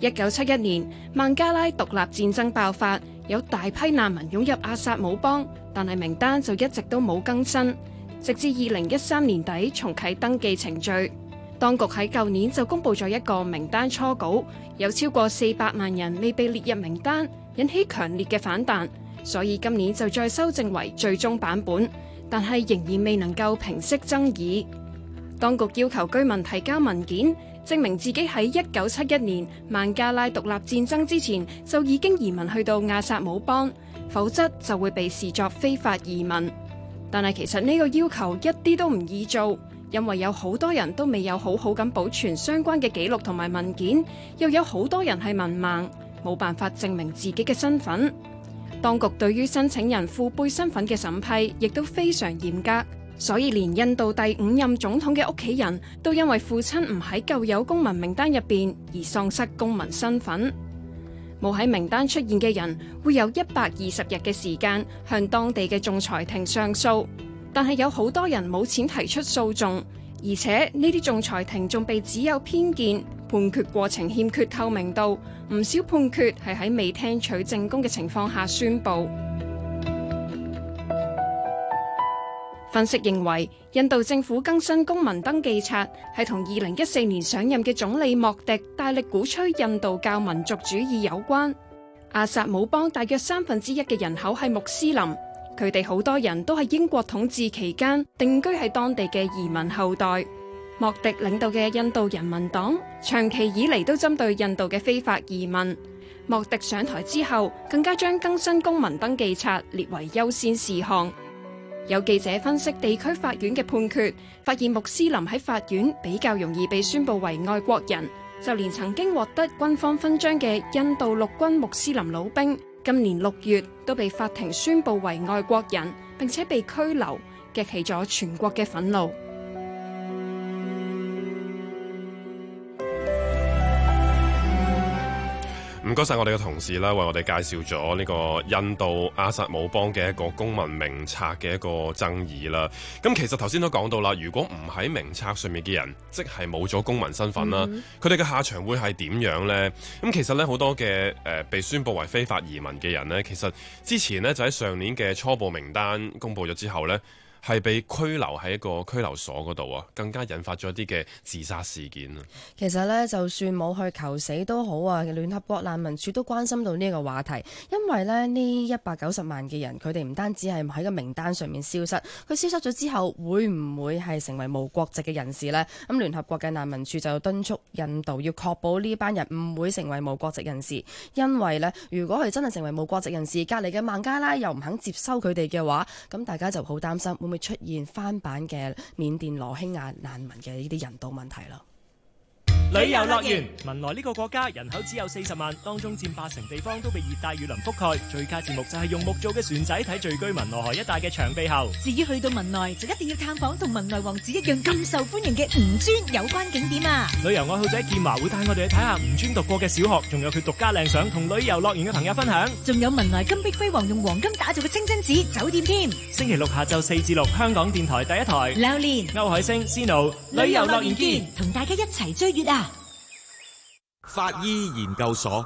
H: 一九七一年孟加拉獨立戰爭爆發，有大批難民湧入阿薩姆邦，但係名單就一直都冇更新，直至二零一三年底重啟登記程序。當局喺舊年就公布咗一個名單初稿，有超過四百萬人未被列入名單，引起強烈嘅反彈，所以今年就再修正為最終版本，但係仍然未能夠平息爭議。當局要求居民提交文件，證明自己喺一九七一年孟加拉獨立戰爭之前就已經移民去到亞薩姆邦，否則就會被視作非法移民。但係其實呢個要求一啲都唔易做。因為有好多人都未有好好咁保存相關嘅記錄同埋文件，又有好多人係文盲，冇辦法證明自己嘅身份。當局對於申請人父輩身份嘅審批亦都非常嚴格，所以連印度第五任總統嘅屋企人都因為父親唔喺舊有公民名單入面而喪失公民身份。冇喺名單出現嘅人會有一百二十日嘅時間向當地嘅仲裁庭上訴。但係有好多人冇錢提出訴訟，而且呢啲仲裁庭仲被指有偏見，判決過程欠缺透明度，唔少判決係喺未聽取證供嘅情況下宣布。 分析認為，印度政府更新公民登記冊係同二零一四年上任嘅總理莫迪大力鼓吹印度教民族主義有關。阿薩姆邦大約三分之一嘅人口係穆斯林。佢哋好多人都係英國統治期間定居喺當地嘅移民後代。莫迪領導嘅印度人民黨長期以嚟都針對印度嘅非法移民。莫迪上台之後，更加將更新公民登記冊列為優先事項。有記者分析地區法院嘅判決，發現穆斯林喺法院比較容易被宣布為外國人，就連曾經獲得軍方勳章嘅印度陸軍穆斯林老兵。今年六月都被法庭宣布為外國人，並且被拘留，激起咗全國嘅憤怒。
A: 唔該曬，我哋嘅同事啦，為我哋介紹咗呢個印度阿薩姆邦嘅一個公民名冊嘅一個爭議啦。咁其實頭先都講到啦，如果唔喺名冊上面嘅人，即係冇咗公民身份啦，佢哋嘅下場會係點樣呢？咁其實呢，好多嘅誒被宣佈為非法移民嘅人呢，其實之前呢，就喺上年嘅初步名單公布咗之後呢。係被拘留喺一個拘留所嗰度啊，更加引發咗啲嘅自殺事件
B: 啊。其實呢，就算冇去求死都好啊，聯合國難民署都關心到呢個話題，因為呢呢一百九十萬嘅人，佢哋唔單止係喺個名單上面消失，佢消失咗之後，會唔會係成為無國籍嘅人士呢？咁聯合國嘅難民署就敦促印度要確保呢班人唔會成為無國籍人士，因為呢，如果佢真係成為無國籍人士，隔離嘅孟加拉又唔肯接收佢哋嘅話，咁大家就好擔心。會，會出現翻版嘅緬甸羅興亞難民嘅呢啲人道問題咯。
C: 旅遊樂園
H: 文萊呢個國家人口只有四十萬，當中佔八成地方都被熱帶雨林覆蓋。最佳節目就係用木做嘅船仔睇聚居文萊河一帶嘅長鼻猴。
G: 至於去到文萊就一定要探訪同文萊王子一樣咁受歡迎嘅吳尊有關景點啊！
H: 旅遊愛好者建華會帶我哋去睇下吳尊讀過嘅小學，仲有佢獨家靚相，同旅遊樂園嘅朋友分享。
G: 仲有文萊金碧輝煌用黃金打造嘅清真寺酒店添。
H: 星期六下晝四至六，6, 香
F: 港電台第一台劉念、年歐海星、Snow 旅,旅遊樂園見，
G: 同大家一齊追月啊！
F: 法醫研究所，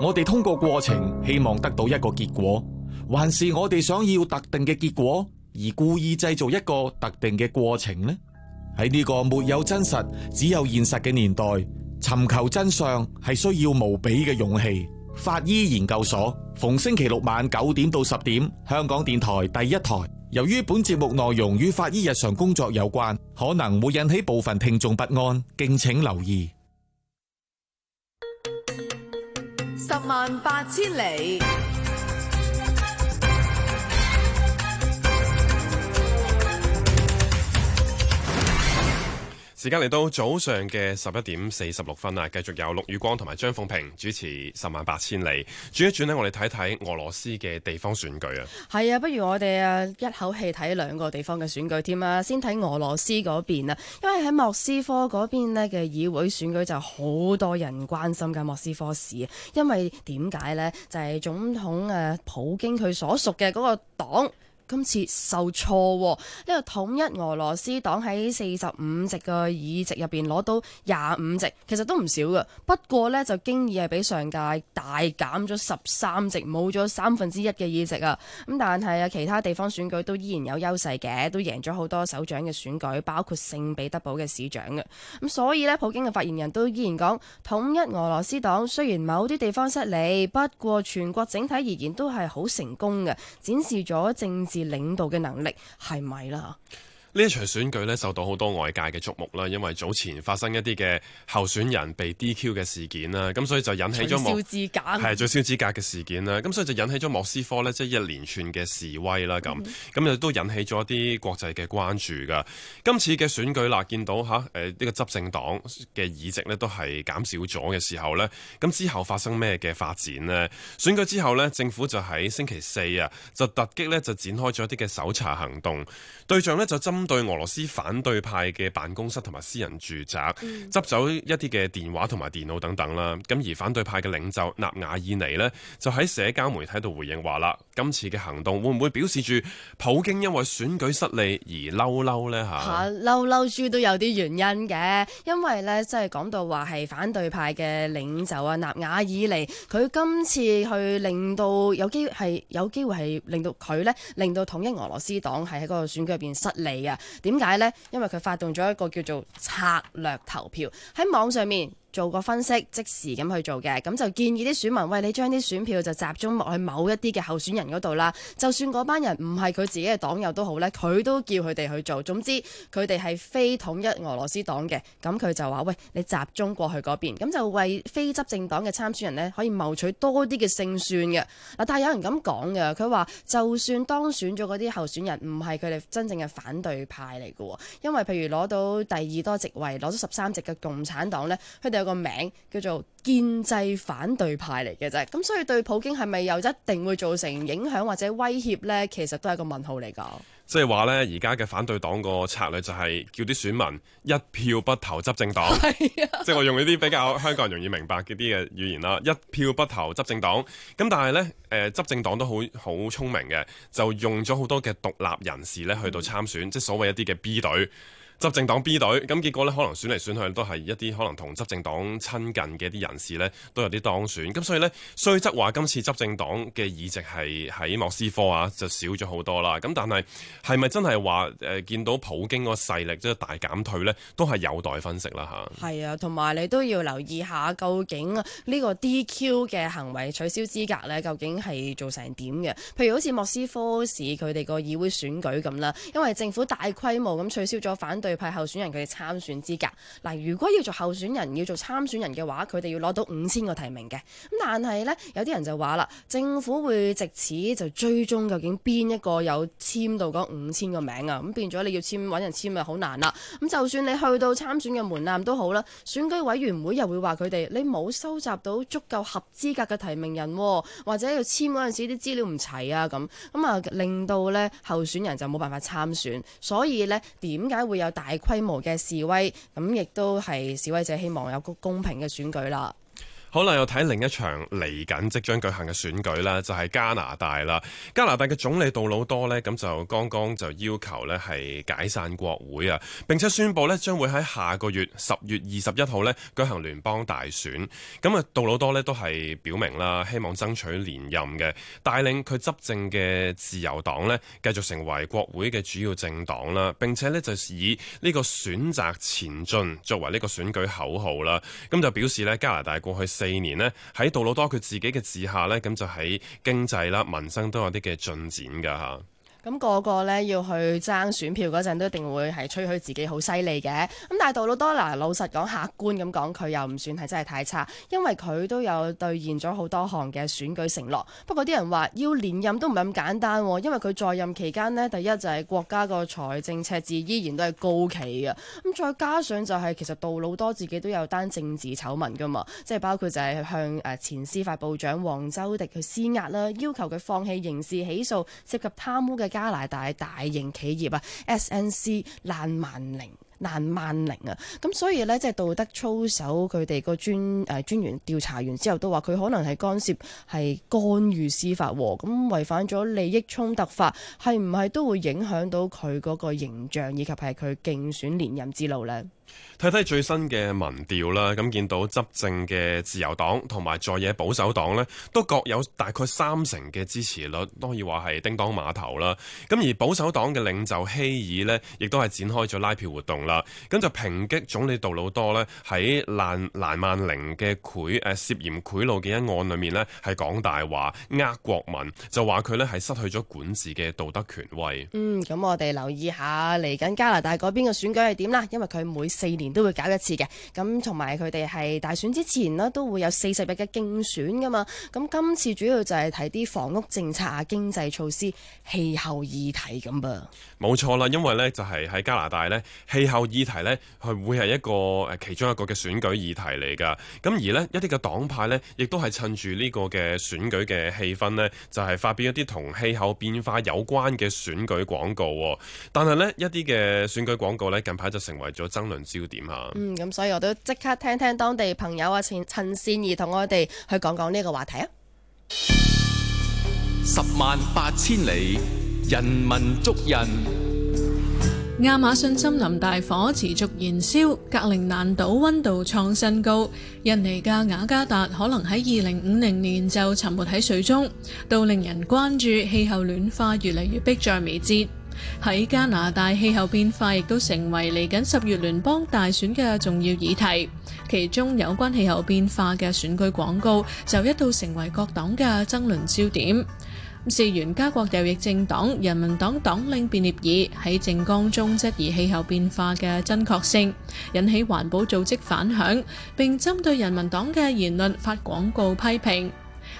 F: 我哋通過過程希望得到一個結果，還是我哋想要特定嘅結果而故意製造一個特定嘅過程呢？喺呢個沒有真實只有現實嘅年代，尋求真相係需要無比嘅勇氣。法醫研究所逢星期六晚九點到十點，香港電台第一台。由於本節目內容與法醫日常工作有關，可能會引起部分聽眾不安，敬請留意。
C: 十萬八千里。
A: 時間嚟到早上嘅十一點四十六分啦，繼續有陸宇光同埋張鳳平主持《十萬八千里》。轉一轉呢，我哋睇睇俄羅斯嘅地方選舉啊。
B: 係啊，不如我哋啊一口氣睇兩個地方嘅選舉添啊。先睇俄羅斯嗰邊啊，因為喺莫斯科嗰邊呢嘅議會選舉就好多人關心嘅莫斯科市，因為點解呢？就係、是、總統誒，普京佢所屬嘅嗰個黨。今次受挫、哦，呢、這個統一俄羅斯黨喺四十五席嘅議席入邊攞到廿五席，其實都唔少噶。不過咧就經已係比上屆大減咗十三席，冇咗三分之一嘅議席啊。咁但係啊，其他地方選舉都依然有優勢嘅，都贏咗好多首長嘅選舉，包括聖彼得堡嘅市長嘅。咁所以咧，普京嘅發言人都依然講統一俄羅斯黨雖然某啲地方失利，不過全國整體而言都係好成功嘅，展示咗政治。是領導嘅能力係咪啦？是
A: 呢一場選舉呢受到好多外界嘅矚目啦，因為早前發生一啲嘅候選人被 DQ 嘅事件啦，咁所以就引起咗
B: 係取消
A: 資格嘅事件啦，咁所以就引起咗莫斯科呢，即係一連串嘅示威啦，咁咁又都引起咗一啲國際嘅關注㗎。今次嘅選舉啦，見到吓，誒呢個執政黨嘅議席呢都係減少咗嘅時候呢。咁之後發生咩嘅發展呢？選舉之後呢，政府就喺星期四啊就突擊呢，就展開咗一啲嘅搜查行動，對象呢，就針對俄羅斯反對派嘅辦公室同埋私人住宅，執走一啲嘅電話同埋電腦等等啦。咁而反對派嘅領袖納瓦爾尼呢，就喺社交媒體度回應話啦，今次嘅行動會唔會表示住普京因為選舉失利而嬲嬲呢？吓、啊，
B: 嬲嬲豬都有啲原因嘅，因為呢即係講到話係反對派嘅領袖啊，納瓦爾尼，佢今次去令到有機係有機會係令到佢呢，令到統一俄羅斯黨係喺嗰個選舉入邊失利啊。點解呢？因為佢發動咗一個叫做策略投票，喺網上面。做個分析，即時咁去做嘅，咁就建議啲選民喂，你將啲選票就集中落去某一啲嘅候選人嗰度啦。就算嗰班人唔係佢自己嘅黨友都好呢，佢都叫佢哋去做，總之佢哋係非統一俄羅斯黨嘅，咁佢就話喂，你集中過去嗰邊，咁就為非執政黨嘅參選人呢，可以謀取多啲嘅勝算嘅。嗱，但係有人咁講嘅，佢話就算當選咗嗰啲候選人唔係佢哋真正嘅反對派嚟嘅，因為譬如攞到第二多席位，攞咗十三席嘅共產黨呢，佢哋。個名叫做建制反對派嚟嘅啫，咁所以對普京係咪又一定會造成影響或者威脅呢？其實都係個問號嚟講。
A: 即係話呢，而家嘅反對黨個策略就係叫啲選民一票不投執政黨，是啊、即係我用呢啲比較香港人容易明白嘅啲嘅語言啦，一票不投執政黨。咁但係呢，誒，執政黨都好好聰明嘅，就用咗好多嘅獨立人士呢去到參選，嗯、即係所謂一啲嘅 B 隊。執政黨 B 隊，咁結果呢，可能選嚟選去都係一啲可能同執政黨親近嘅啲人士呢都有啲當選。咁所以呢，雖則話今次執政黨嘅議席係喺莫斯科啊，就少咗好多啦。咁但係係咪真係話誒見到普京個勢力即係大減退呢，都係有待分析啦嚇。
B: 係啊，同埋你都要留意下，究竟呢個 DQ 嘅行為取消資格呢，究竟係做成點嘅？譬如好似莫斯科市佢哋個議會選舉咁啦，因為政府大規模咁取消咗反對派候選人佢哋嘅參選資格嗱，如果要做候選人，要做參選人嘅話，佢哋要攞到五千個提名嘅。咁但係呢，有啲人就話啦，政府會藉此就追蹤究竟邊一個有簽到嗰五千個名啊，咁變咗你要簽，揾人簽咪好難啦。咁就算你去到參選嘅門檻都好啦，選舉委員會又會話佢哋你冇收集到足夠合資格嘅提名人，啊，或者要簽嗰陣時啲資料唔齊啊咁，咁啊令到呢候選人就冇辦法參選。所以呢點解會有大規模嘅示威，咁亦都係示威者希望有個公平嘅選舉啦。
A: 好啦，又睇另一場嚟緊即將舉行嘅選舉啦，就係加拿大啦。加拿大嘅總理杜魯多呢，咁就剛剛就要求呢係解散國會啊，並且宣布呢將會喺下個月十月二十一號呢舉行聯邦大選。咁啊，杜魯多呢都係表明啦，希望爭取連任嘅，帶領佢執政嘅自由黨呢，繼續成為國會嘅主要政黨啦。並且呢就以呢個選擇前進作為呢個選舉口號啦。咁就表示呢，加拿大過去四年呢，喺杜魯多佢自己嘅治下呢，咁就喺經濟啦、民生都有啲嘅進展噶吓。
B: 咁個個呢，要去爭選票嗰陣，都一定會係吹噓自己好犀利嘅。咁但係杜魯多嗱，老實講，客觀咁講，佢又唔算係真係太差，因為佢都有兌現咗好多項嘅選舉承諾。不過啲人話要連任都唔係咁簡單，因為佢在任期間呢，第一就係國家個財政赤字依然都係高企嘅。咁再加上就係、是、其實杜魯多自己都有單政治醜聞㗎嘛，即係包括就係向誒前司法部長王州迪去施壓啦，要求佢放棄刑事起訴涉及貪污嘅。加拿大大型企業啊，SNC、蘭萬寧、蘭萬寧啊，咁所以呢，即係道德操守，佢哋個專誒專員調查完之後都話，佢可能係干涉係干預司法，咁違反咗利益衝突法，係唔係都會影響到佢嗰個形象，以及係佢競選連任之路呢？
A: 睇睇最新嘅民調啦，咁見到執政嘅自由黨同埋在野保守黨呢，都各有大概三成嘅支持率，都可以話係叮當碼頭啦。咁而保守黨嘅領袖希爾呢，亦都係展開咗拉票活動啦。咁就抨擊總理杜魯多呢，喺蘭蘭萬靈嘅賄誒涉嫌賄賂嘅一案裏面呢，係講大話，呃國民就話佢呢係失去咗管治嘅道德權威。
B: 嗯，咁我哋留意下嚟緊加拿大嗰邊嘅選舉係點啦，因為佢每。四年都會搞一次嘅，咁同埋佢哋係大選之前呢都會有四十日嘅競選㗎嘛，咁今次主要就係睇啲房屋政策啊、經濟措施、氣候議題咁噃。
A: 冇錯啦，因為呢就係喺加拿大呢，氣候議題呢係會係一個誒其中一個嘅選舉議題嚟㗎。咁而呢，一啲嘅黨派呢亦都係趁住呢個嘅選舉嘅氣氛呢，就係發表一啲同氣候變化有關嘅選舉廣告。但係呢，一啲嘅選舉廣告呢近排就成為咗爭論焦點嚇。嗯，
B: 咁所以我都即刻聽聽當地朋友啊陳陳善儀同我哋去講講呢個話題啊。
F: 十萬八千里。人民足印，
E: 亞馬遜森林大火持續燃燒，格陵蘭島溫度創新高，印尼嘅雅加達可能喺二零五零年就沉沒喺水中，到令人關注氣候暖化越嚟越迫在眉睫。喺加拿大，氣候變化亦都成為嚟緊十月聯邦大選嘅重要議題，其中有關氣候變化嘅選舉廣告就一度成為各黨嘅爭論焦點。事源加國右翼政黨人民黨黨領別列爾喺政綱中質疑氣候變化嘅真確性，引起環保組織反響，並針對人民黨嘅言論發廣告批評。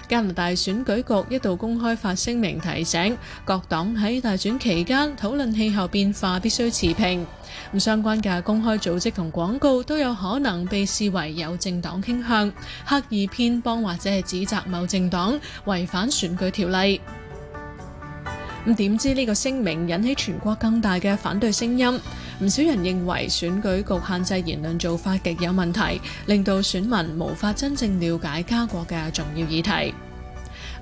E: 加拿大選舉局一度公開發聲明提醒各黨喺大選期間討論氣候變化必須持平，咁相關嘅公開組織同廣告都有可能被視為有政黨傾向，刻意偏幫或者係指責某政黨違反選舉條例。咁點知呢個聲明引起全國更大嘅反對聲音。唔少人認為選舉局限制言論做法極有問題，令到選民無法真正了解加國嘅重要議題。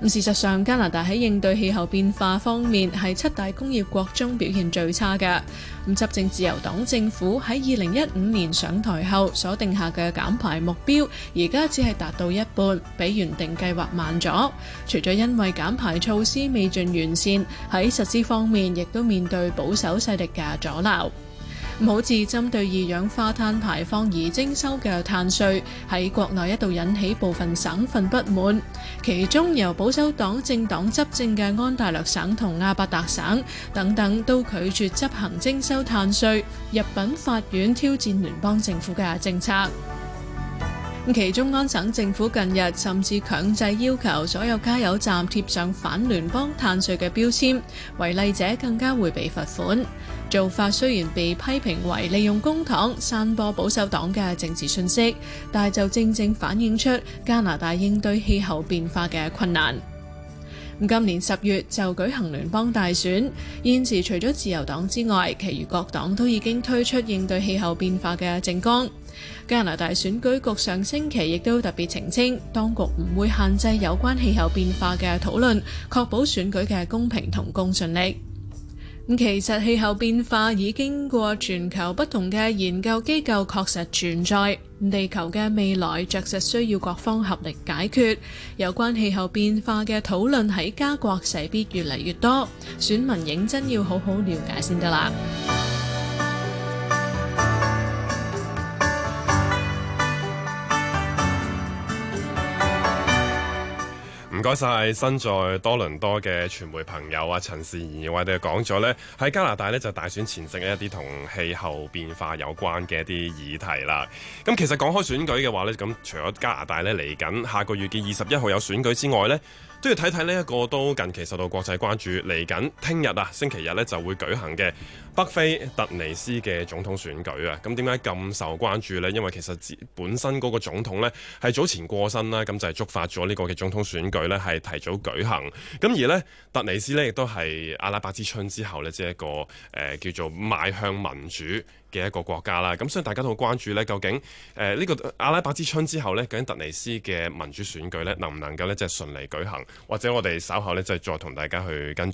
E: 咁、嗯、事實上，加拿大喺應對氣候變化方面係七大工業國中表現最差嘅。咁、嗯、執政自由黨政府喺二零一五年上台後所定下嘅減排目標，而家只係達到一半，比原定計劃慢咗。除咗因為減排措施未盡完善，喺實施方面亦都面對保守勢力嘅阻撓。好似針對二氧化碳排放而徵收嘅碳稅，喺國內一度引起部分省份不滿，其中由保守黨政黨執政嘅安大略省同亞伯達省等等都拒絕執行徵收碳稅，入禀法院挑戰聯邦政府嘅政策。其中安省政府近日甚至強制要求所有加油站貼上反聯邦碳稅嘅標籤，違例者更加會被罰款。做法雖然被批評為利用公帑散播保守黨嘅政治信息，但係就正正反映出加拿大應對氣候變化嘅困難。今年十月就舉行聯邦大選，現時除咗自由黨之外，其餘各黨都已經推出應對氣候變化嘅政綱。加拿大選舉局上星期亦都特別澄清，當局唔會限制有關氣候變化嘅討論，確保選舉嘅公平同公信力。咁其實氣候變化已經過全球不同嘅研究機構確實存在，地球嘅未來着實需要各方合力解決。有關氣候變化嘅討論喺加國勢必越嚟越多，選民認真要好好了解先得啦。
A: 唔該晒，身在多倫多嘅傳媒朋友啊，陳善賢，我哋講咗呢喺加拿大呢就大選前夕嘅一啲同氣候變化有關嘅一啲議題啦。咁其實講開選舉嘅話呢咁除咗加拿大呢嚟緊下個月嘅二十一號有選舉之外呢都要睇睇呢一個都近期受到國際關注嚟緊聽日啊星期日呢就會舉行嘅。北非突尼斯嘅總統選舉啊，咁點解咁受關注咧？因為其實本身嗰個總統咧係早前過身啦，咁就係觸發咗呢個嘅總統選舉咧，係提早舉行。咁而咧，突尼斯咧亦都係阿拉伯之春之後咧，即係一個誒、呃、叫做邁向民主嘅一個國家啦。咁所以大家都好關注咧，究竟誒呢、呃這個阿拉伯之春之後咧，究竟突尼斯嘅民主選舉咧，能唔能夠咧即係順利舉行？或者我哋稍後咧就是、再同大家去跟進。